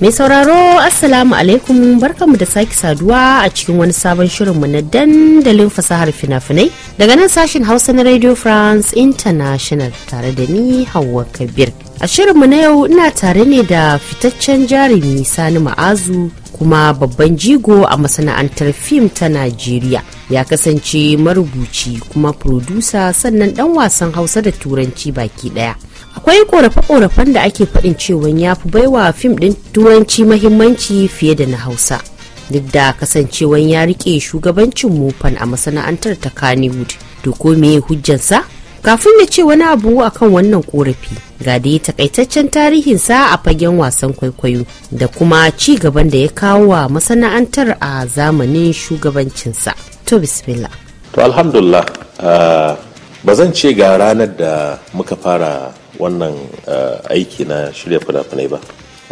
Mai sauraro Assalamu alaikum barkanmu da sake saduwa a cikin wani sabon shirinmu na dandalin fasahar fina-finai daga nan sashen Hausa na Radio France International tare da ni Hauwa Kabir. A shirinmu na yau ina tare ne da fitaccen jarumi Sani Ma'azu kuma babban jigo a masana'antar fim ta Najeriya. Ya kasance marubuci kuma furodusa sannan dan wasan Hausa da Turanci baki ɗaya. akwai korafe-korafen da ake faɗin cewa ya fi baiwa fim ɗin turanci mahimmanci fiye da na hausa duk da kasancewan ya rike shugabancin mufan a masana'antar ta kannywood to ko meye hujjansa kafin ya ce wani abu akan wannan korafi ga da ya takaitaccen tarihinsa a fagen wasan kwaikwayo da kuma ci gaban da ya kawo wa masana'antar a zamanin shugabancinsa to bismillah to alhamdulillah eh, ba zan ce ga ranar da muka fara wannan eh, aiki na shirya fina-finai ba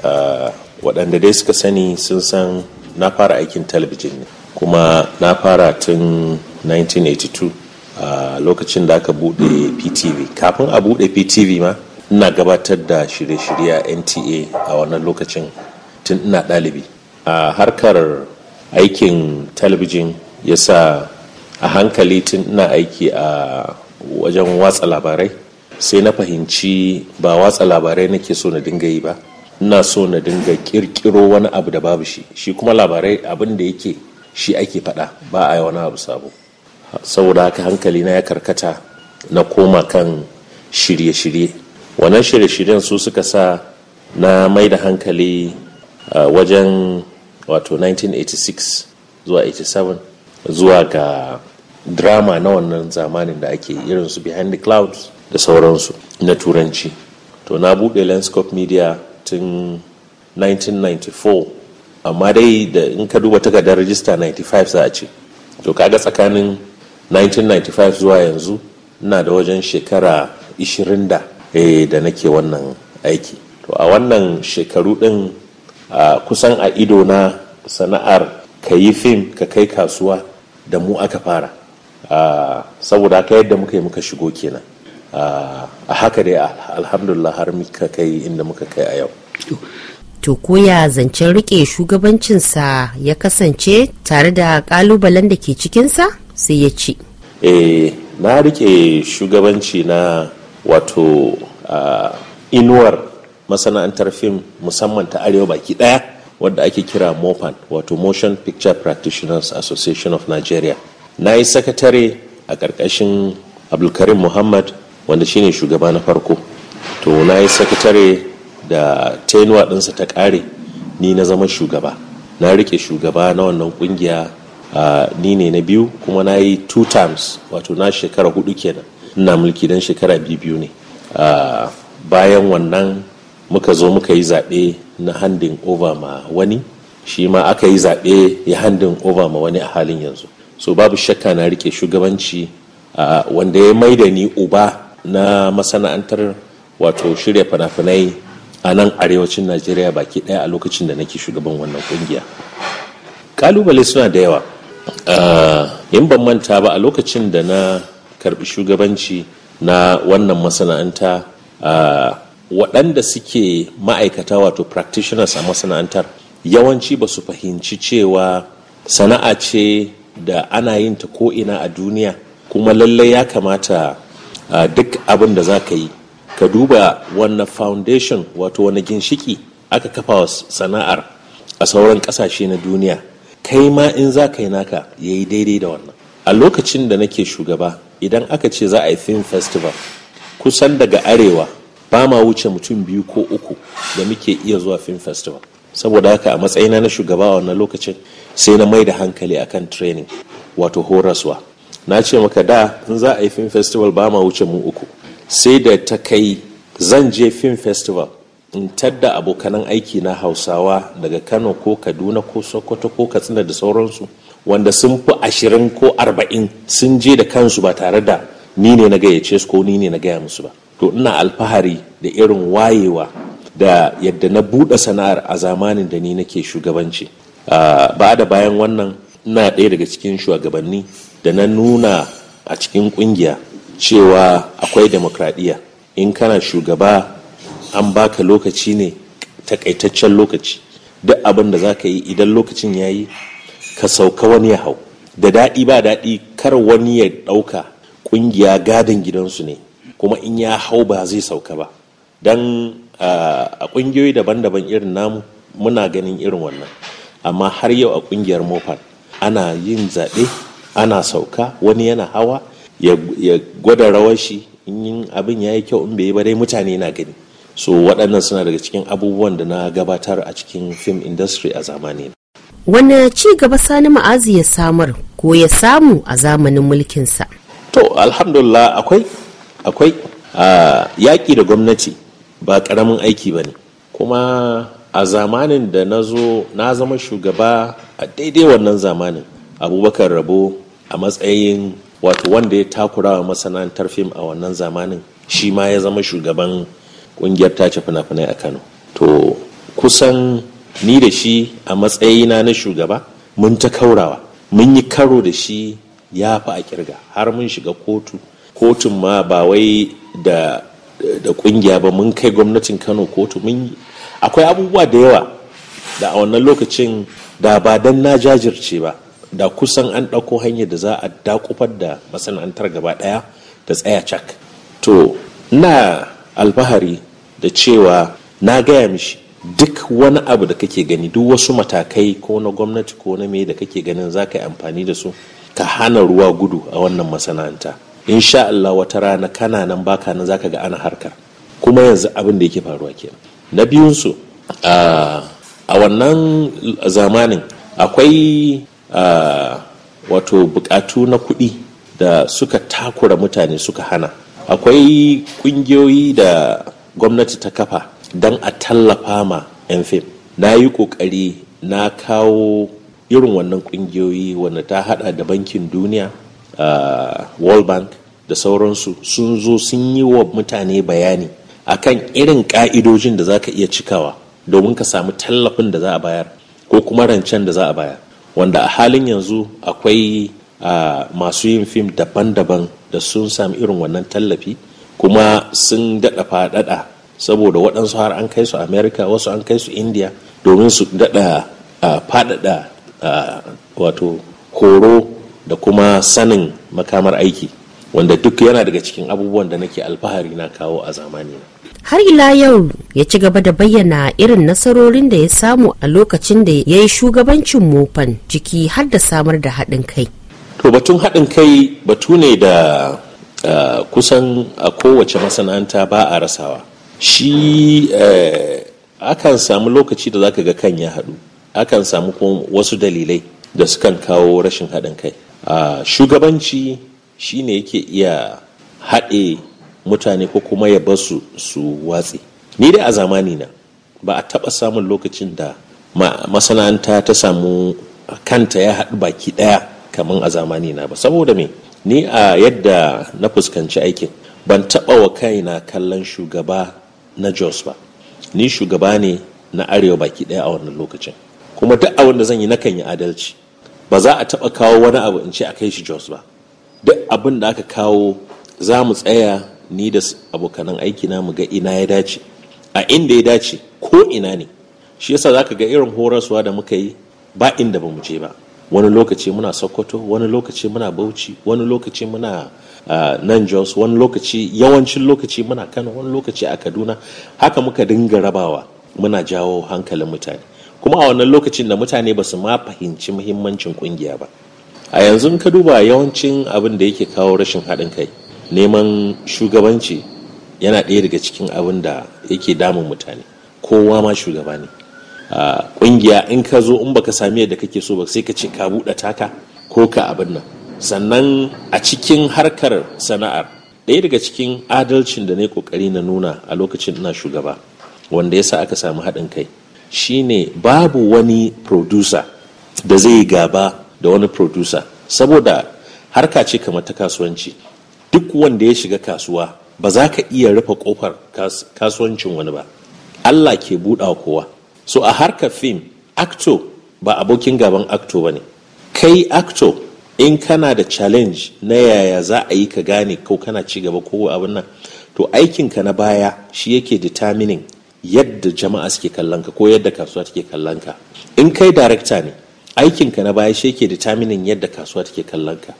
eh, waɗanda dai suka sani sun san na fara aikin talabijin ne kuma na fara tun 1982 a lokacin da aka buɗe ptv kafin a buɗe ptv ma ina gabatar da shirye-shirye nta a wannan lokacin tun ina ɗalibi a harkar aikin talabijin ya sa a hankali tun ina aiki a wajen watsa labarai sai na fahimci ba watsa labarai nake so na dinga yi ba ina so na dinga kirkiro wani abu da babu shi shi kuma labarai abin da yake shi ake faɗa ba a yi wani abu sabo saboda haka hankali na ya karkata na koma kan shirye-shirye wannan shirye-shiryen su suka sa na mai da hankali wajen wato 1986 zuwa 87 zuwa ga drama na wannan zamanin da ake irin su behind the clouds da sauransu na turanci to na buɗe landscape media tun 1994 amma dai da in ka duba takardar rajista 95 za a ce to kaga tsakanin 1995 zuwa yanzu ina da wajen shekara 20 da eh, da nake wannan aiki to a wannan shekaru ɗin kusan a ido na sana'ar ka yi fim ka kai kasuwa da mu aka fara Ah, saboda haka yadda muka yi muka shigo kenan ah, a haka dai alhamdulillah har muka kai inda muka kai a yau to koya zancen rike shugabancinsa ya kasance tare da kalubalen da ke cikinsa sai ya ci eh na rike shugabanci na wato ah, inuwar masana'antar fim musamman ta arewa baki daya wadda ake kira mopan wato motion picture practitioners association of nigeria na yi sakatare a ƙarƙashin abdulkarim muhammad wanda shine shugaba na farko to na yi sakatare da tenuwa ɗinsa ta ƙare ni na zama shugaba na riƙe shugaba na wannan ƙungiya ni ne na biyu kuma na yi two times wato na shekara hudu kenan ina mulki don shekara biyu ne bayan wannan muka zo muka yi zaɓe na handin over ma wani shi ma aka yi zaɓe ya handin over ma wani a halin yanzu so babu shakka na rike shugabanci wanda ya mai da ni uba na masana'antar wato shirya fina-finai a nan arewacin najeriya baki daya a lokacin da nake shugaban wannan kungiya kalubale suna da yawa in ban manta ba a lokacin da na karbi shugabanci na wannan masana'anta waɗanda suke ma'aikata wato practitioners a masana'antar yawanci ba su fahimci cewa sana'a ce da ana yin ta ko'ina a duniya kuma lallai ya kamata a duk abin da za ka yi ka duba wannan foundation wato wani ginshiki aka kafa wa sana'ar a sauran kasashe na duniya kai ma in za ka yi naka ya yi daidai da wannan a lokacin da nake shugaba idan aka ce za a yi film festival kusan daga arewa ba ma wuce mutum biyu ko uku da muke iya zuwa film festival saboda haka a matsayina na shugaba a wannan lokacin sai na mai da hankali akan training wato horaswa na ce maka da in za a yi film festival ba ma wuce mu uku sai da ta kai zan je film festival in tadda abokanan aiki na hausawa daga kano ko kaduna ko sokoto ko katsina da sauransu wanda sun fi ashirin ko arba'in sun je da kansu ba tare da ni ne na gayyace su ko ni ne na gaya musu ba to ina alfahari da irin wayewa da yadda na buɗe sana'ar a zamanin da ni nake shugabanci ba da bayan wannan na ɗaya daga cikin shugabanni da na nuna a cikin ƙungiya cewa akwai demokradiyya in kana shugaba an baka lokaci ne takaitaccen lokaci duk abin da za ka yi idan lokacin ya yi ka sauka wani ya hau da daɗi ba daɗi kar wani ya ɗauka ƙungiya gadon gidansu ne kuma in ya hau ba zai sauka ba don a ƙungiyoyi daban-daban irin namu muna ganin irin wannan amma har yau a ƙungiyar mofan ana yin zaɓe ana sauka wani yana hawa ya gwada rawar shi in abin ya yi kyau in bai yi ba dai mutane na gani so waɗannan suna daga cikin abubuwan da na gabatar a cikin film industry a zamani wani ci gaba sani ma'azi ya samar ko ya samu a zamanin mulkinsa to alhamdulillah akwai akwai yaƙi da gwamnati ba ƙaramin aiki ba ne kuma a zamanin da na zo na zama shugaba a daidai wannan zamanin abubakar rabo a matsayin wato wanda ya takurawa masana'antar fim a wannan zamanin shi ma ya zama shugaban kungiyar tace fina-finai a kano to kusan ni da shi a matsayina na shugaba mun ta kaurawa mun yi karo da shi ya fi a kirga har mun shiga kotu kotun ma ba wai da da kungiya ba mun kai gwamnatin kano kotu mun yi akwai abubuwa da yawa da a wannan lokacin da ba dan na jajirce ba da kusan an ɗauko hanyar da za a dakufar da masana'antar gaba ɗaya ta tsaya cak to na alfahari da cewa na gaya mishi duk wani abu da kake gani duk wasu matakai ko na gwamnati ko na me da kake ganin za ka yi amfani da su ka hana ruwa gudu a wannan masana'anta insha Allah wata rana kana nan baka nan zaka ga ana harkar kuma yanzu abin da yake faruwa kenan na biyun su a wannan zamanin akwai wato bukatu na kuɗi da suka takura mutane suka hana akwai ƙungiyoyi da gwamnati ta kafa don a tallafa ma 'yan fim na yi ƙoƙari na kawo irin wannan ƙungiyoyi wanda ta hada da bankin duniya world bank da sauransu sun zo sun yi wa mutane bayani akan irin ka'idojin da za ka iya cikawa domin ka samu tallafin da za a bayar ko kuma rancen da za a bayar wanda a halin yanzu akwai masu yin fim daban-daban da sun sami irin wannan tallafi kuma sun daɗa faɗaɗa saboda waɗansu har an kai su america wasu an kai su india domin su daɗa faɗaɗa wato horo da kuma sanin makamar aiki wanda duk yana daga cikin abubuwan da nake alfahari na kawo a zamani har ila yau ya ci gaba da bayyana irin nasarorin da ya samu a lokacin da ya yi shugabancin mofan ciki har da samar da haɗin kai to batun haɗin kai batu ne da uh, kusan a kowace masana'anta ba a rasawa shi uh, akan samu lokaci da zaka ga kan ya haɗu akan samu wasu dalilai da sukan kawo rashin haɗin kai shugabanci shine yake iya haɗe mutane ko kuma ya basu su watse ni dai a zamani na ba a taɓa samun lokacin da masana'anta ta samu kanta ya haɗu baki ɗaya kamar a zamani na ba saboda me ni a yadda na fuskanci aikin ban taɓa wa kaina kallon shugaba na jos ba ni shugaba ne na arewa baki ɗaya a wannan lokacin kuma duk a wanda zan yi nakan yi adalci ba za a taɓa kawo wani abu in ce a kai shi jos ba duk abin da aka kawo za mu tsaya ni da abokanan aiki na mu ga ina ya dace a inda ya dace ko ina ne shi yasa za ka ga irin horaswa da muka yi ba inda ba mu je ba wani lokaci muna sokoto wani lokaci muna bauchi wani lokaci muna nan jos wani lokaci yawancin lokaci muna kano wani lokaci a kaduna haka muka dinga rabawa muna jawo hankalin mutane kuma a wannan lokacin da mutane ba su ma fahimci muhimmancin kungiya ba a yanzu ka duba yawancin abin da yake kawo rashin haɗin kai neman shugabanci yana ɗaya daga cikin abin da yake damun mutane kowa ma shugaba ne Ƙungiya in ka zo in baka sami yadda kake so ba sai ka ce ka buɗe taka ko ka abin nan sannan a cikin harkar sana'ar ɗaya daga cikin adalcin da na yi ƙoƙari na nuna a lokacin ina shugaba wanda yasa aka samu haɗin kai shine babu wani producer da zai yi gaba da wani producer saboda harka ce kamar ta kasuwanci duk wanda ya shiga kasuwa ba za ka iya rufe kofar kasuwancin wani ba allah ke buɗa kowa so a harka fim acto ba abokin gaban acto ba ne kai acto in kana da challenge na yaya za a yi ka gane ko kana ci gaba ko abin nan to aikinka na baya shi yake determining yadda jama'a suke kallon ka ko yadda kasuwa take kallon ka in kai darakta ne aikinka na baya shi yake determining yadda kasuwa take kallon ka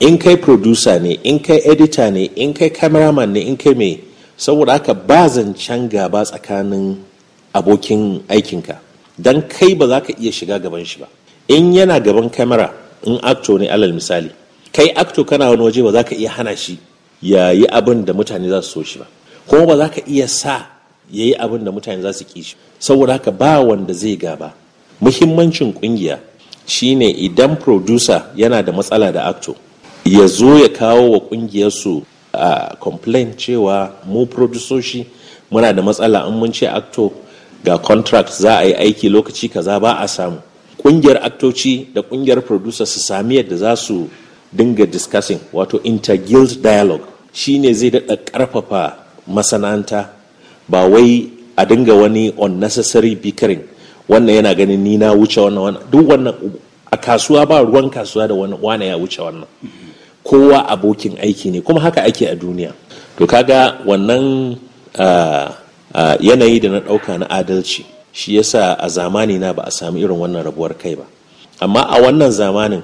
in kai producer ne in kai editor ne in kai cameraman ne in kai mai saboda haka ba zancen gaba tsakanin abokin aikinka Dan kai ba za ka iya shiga gaban shi ba in yana gaban kamera in acto ne alal misali kai acto kana wani waje ba za ka iya hana shi ya yi abin da mutane za su so shi ba kuma ba za ka iya sa ya yi abin da mutane za su ki shi saboda haka ba wanda zai gaba muhimmancin kungiya shine idan producer yana da matsala da acto ya zo ya kawo wa ƙungiyarsu a complain cewa mu produsoshi muna da matsala an mun ce acto ga contract za a yi aiki lokaci kaza ba a samu kungiyar actoci da kungiyar producer su sami yadda za su dinga discussing wato inter-guild dialogue shine zai daɗa ƙarfafa masana'anta ba wai a dinga wani unnecessary bickering wannan yana ganin ni na wuce wannan wannan duk wannan a kasuwa ba ruwan kasuwa da wane ya wuce wannan kowa abokin aiki ne kuma haka ake a duniya to kaga wannan ah, ah, yanayi da na ɗauka na adalci shi yasa a zamani na ba a sami irin wannan rabuwar kai ba amma a wannan zamanin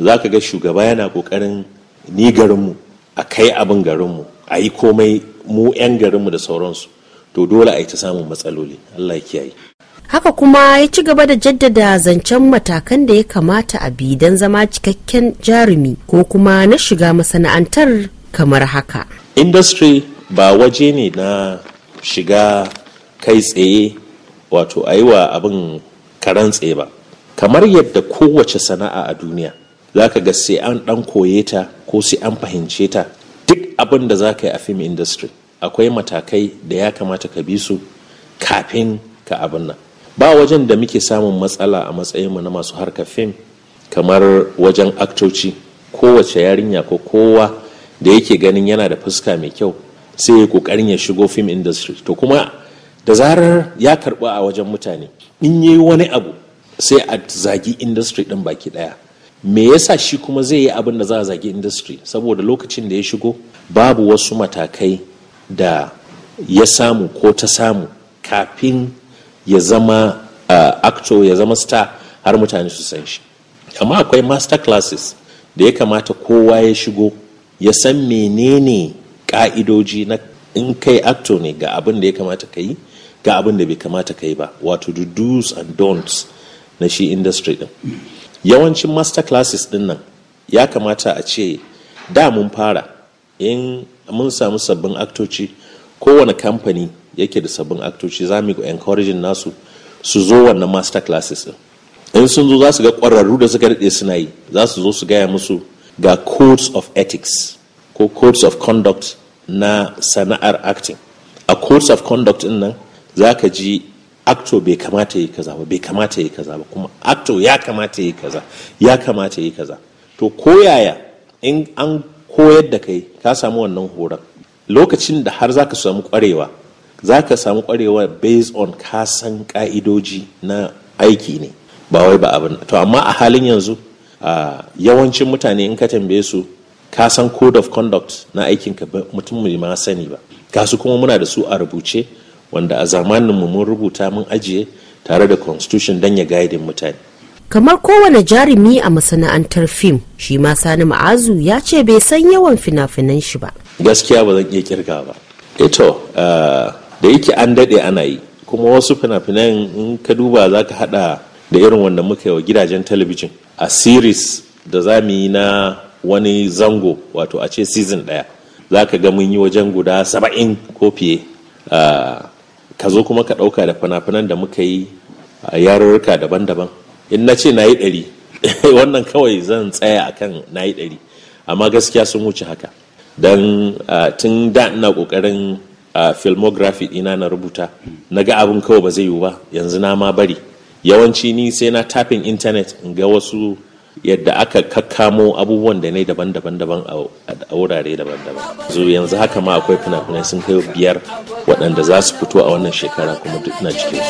za ka ga shugaba yana ƙoƙarin ni garinmu a kai abin garinmu a yi komai mu 'yan garinmu da sauransu to dole a yi ta samun matsaloli allah ya kiyaye haka kuma ya ci gaba da jaddada zancen matakan da ya kamata a bi don zama cikakken jarumi ko kuma na shiga masana'antar kamar haka industry ba waje ne na shiga kai tsaye wato a yi wa abin karan tsaye ba kamar yadda kowace sana'a a duniya za ka ga sai an ɗan koye ta ko sai an fahimce ta duk abin da za ka yi a fim industry akwai matakai da ya kamata ka bi su kafin ka abin nan ba wajen da muke samun matsala a matsayinmu na masu harka fim kamar wajen aktoci kowace yarinya ko kowa da yake ganin yana da fuska mai kyau sai ya kokarin ya shigo fim industry to kuma da zarar ya karba a wajen mutane in yi wani abu sai a zagi industry din baki ɗaya, me yasa shi kuma zai yi abin da za a zagi industry saboda lokacin da ya shigo babu wasu matakai da ya samu ko ta samu kafin ya zama uh, actor ya zama star har mutane su san shi amma akwai master classes da ya kamata kowa ya shigo ya san menene ka'idoji na in kai acto ne ga abin da ya kamata ka yi ga abin da bai kamata ka yi ba wato the do's and don'ts na shi industry din yawancin master classes din nan ya kamata a ce da mun fara in mun samu sabbin aktoci kowane kamfani yake da sabbin aktoci za mu encouraging nasu su zo wannan master classes ɗin in sun zo za su ga ƙwararru da suka daɗe suna yi za su zo su gaya musu ga codes of ethics ko codes of conduct na sana'ar acting a codes of conduct din nan za ka ji actor bai kamata yi kaza ba bai kamata yi kaza ba kuma actor ya kamata yi kaza ya kamata yi kaza to koyaya in an koyar da kai ka samu wannan horon lokacin da har za zaka samu kwarewa zaka samu kwarewa based on ka san ka'idoji na aiki ne ba wai ba abin to amma a halin yanzu a yawancin mutane in ka tambaye su ka san code of conduct na aikinka mutum mai ma sani ba kasu kuma muna da su a rubuce wanda a zamaninmu mun rubuta mun ajiye tare da constitution don ya gaidin mutane kamar kowane jarumi a masana'antar fim shi ma sani ma'azu ya ce bai san yawan fina-finan shi ba gaskiya ba zan iya kirga ba Eto. Eh eh, da yake an daɗe ana yi kuma wasu fina-finan in ka duba za ka haɗa da irin wanda muka yi wa gidajen talabijin a series da za mu yi na wani zango wato a ce season ɗaya za ka ga mun yi wajen guda saba'in ko fiye eh, ka zo kuma ka ɗauka da fina-finan da muka yi a yarurruka daban-daban in na ce na yi ɗari wannan kawai zan tsaya akan na yi ɗari amma gaskiya sun wuce haka don tun da ina ƙoƙarin filmography ina na rubuta na ga abin kawai ba zai yiwu ba yanzu na ma bari yawanci ni sai na tafin intanet in ga wasu yadda aka kakamo abubuwan da ne daban-daban daban a wurare daban-daban zo yanzu haka ma akwai fina-finai sun kai biyar waɗanda za su fito a wannan shekara kuma duk na cikin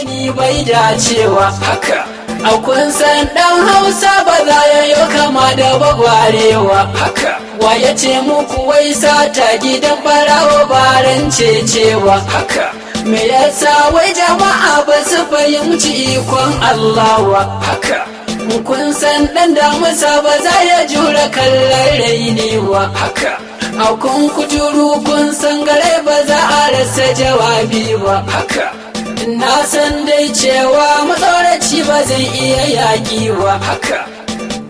su a kun san dan hausa ba za ya yi kama da bagwarewa haka wa ya ce muku wai sata gidan barawa baran cecewa haka me yasa wai jama'a ba su fahimci ikon allawa haka kun san dan damusa ba za ya jura kallon wa? haka a kun kujuru kun san gare ba za a rasa jawabi ba haka na san dai cewa matsoraci ba zai iya yaƙi wa haka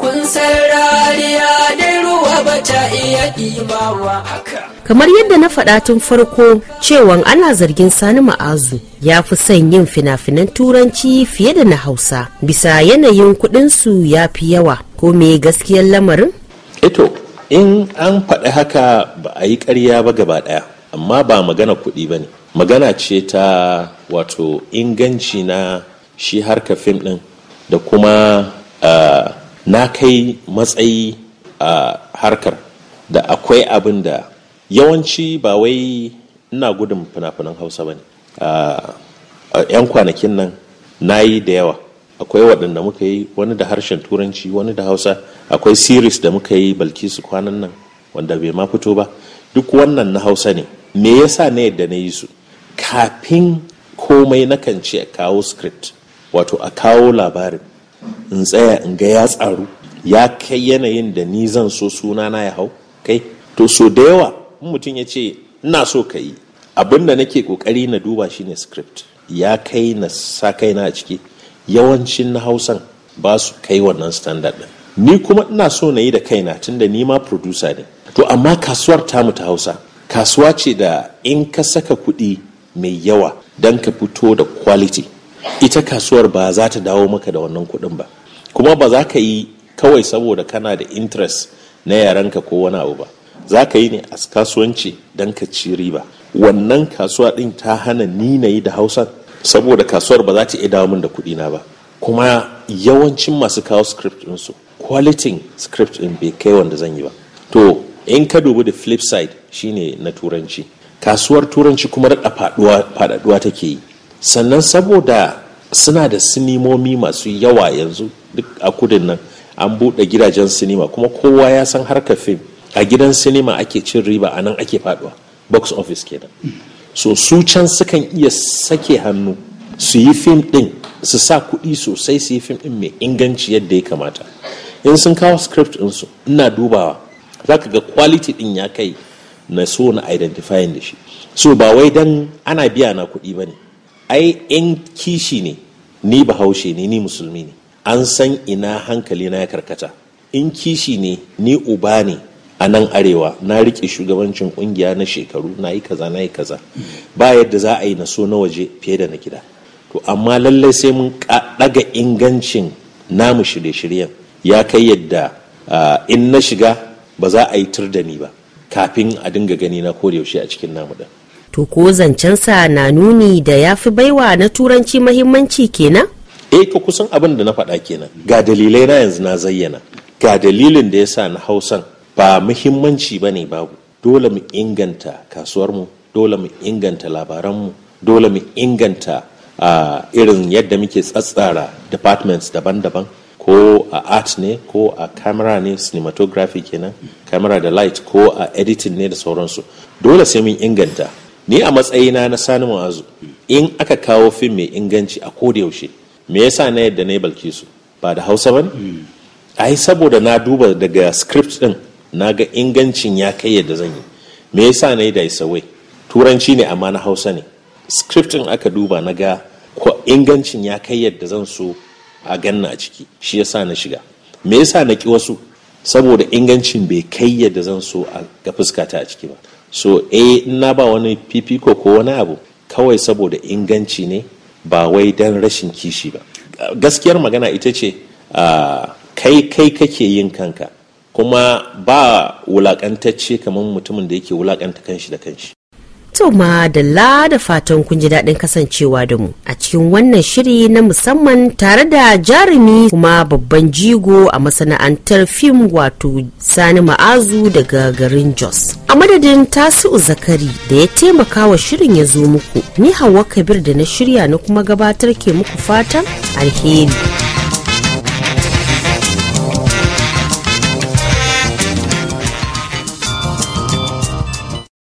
kun san rariya dai ruwa ba ta iya ɗibawa. haka kamar yadda na faɗa tun farko cewan ana zargin sani ma'azu ya fi son yin fina-finan turanci fiye da na hausa bisa yanayin kuɗinsu ya fi yawa ko me gaskiyar lamarin eto in an faɗi haka ba a yi karya ba gaba ɗaya amma ba magana kuɗi ba ne magana ce ta wato inganci na shi harka fim din da kuma na kai matsayi a harkar da akwai abin da yawanci ba wai ina gudun fina-finan hausa ba ne a 'yan kwanakin nan na yi da yawa akwai waɗanda muka yi wani da harshen turanci wani da hausa akwai siris da muka yi balkisu kwanan nan wanda bai ma fito ba duk wannan na hausa ne me yasa na yadda na yi su kafin komai nakan ce a kawo script wato a kawo labarin in tsaya in ga ya tsaru ya kai yanayin da ni zan so sunana ya hau kai to so da yawa mutum ya ce ina so ka yi abin da nake kokari na duba shi ne script ya kai na sa a ciki yawancin na hausan ba su kai wannan standard din ni kuma ina so na yi da kaina tunda ni ma producer ne to amma kasuwar tamu ta hausa kasuwa ce da in ka saka kuɗi mai yawa don ka fito da quality ita kasuwar ba za ta dawo maka da wannan kuɗin ba kuma ba za ka yi kawai saboda kana da interest na yaranka ko wani abu ba za ka yi ne a kasuwanci don ka ci riba wannan kasuwa ɗin ta hana ni na yi da hausa saboda kasuwar ba za ta iya dawo min da kuɗi na ba kuma yawancin masu kawo script su quality script ɗin bai kai wanda zan yi ba to in ka dubi da flip side shine na turanci kasuwar turanci kuma daɗa faɗaɗuwa take yi sannan saboda suna da sinimomi masu yawa yanzu duk a kudin nan an buɗe gidajen sinima kuma kowa ya san harkar fim a gidan sinima ake cin riba a nan ake faɗuwa box office kenan so su can sukan iya sake hannu su yi fim ɗin su sa kuɗi sosai su yi fim ɗin mai inganci yadda ya kamata in sun kawo script ɗinsu ina dubawa za ka ga kwaliti ɗin ya kai na so na identifying da shi so ba wai dan ana biya na kuɗi ba ne ai in kishi ne ni bahaushe ne ni musulmi ne an san ina hankali na ya karkata in kishi ne ni uba ne a nan arewa na rike shugabancin kungiya na shekaru na yi kaza na yi kaza ba yadda za a yi na so na waje fiye da na gida to amma lallai sai mun ɗaga ingancin namu shirye-shiryen ya kai yadda ah, in na shiga ba za a yi tur da ni ba kafin a dinga gani na ko yaushe a cikin namu din to ko zancensa na nuni da ya fi baiwa na turanci mahimmanci kenan eh to kusan abin da na faɗa kenan ga dalilai na yanzu na zayyana ga dalilin da yasa na hausan ba muhimmanci ba ne babu dole mu inganta kasuwar mu, dole mu inganta labaran mu, dole mu inganta ah, irin yadda muke tsatsara departments daban-daban ko a art ne ko a camera ne cinematography kenan camera da light ko a editing ne da sauransu dole sai mun inganta ni a matsayina na sani ma'azu in aka kawo fim mai inganci a koda yaushe me yasa na yadda na balki su ba da hausa ba hmm. ai saboda na duba daga script din na ga ingancin ya kai yadda zan yi me yasa na yi da isawai turanci ne amma na hausa ne script din aka duba na ga ingancin ya kai yadda zan so a ganna a ciki shi yasa na shiga me yasa na ki wasu saboda ingancin bai kai yadda zan so a ga fuskata a ciki ba so eh na ba wani fifiko ko wani abu kawai saboda inganci ne ba wai dan rashin kishi ba gaskiyar magana ita ce kai kai kake yin kanka kuma ba wulakantacce kamar mutumin da yake wulakanta kanshi da kanshi To ma da fatan kun ji daɗin kasancewa da mu a cikin wannan shiri na musamman tare da jarumi kuma babban jigo a masana'antar fim wato Sani Ma'azu daga garin Jos. A madadin Tasi'u Zakari da ya taimaka wa shirin ya zo muku, ni hawa Kabir da na shirya na kuma gabatar ke muku fatan alheri.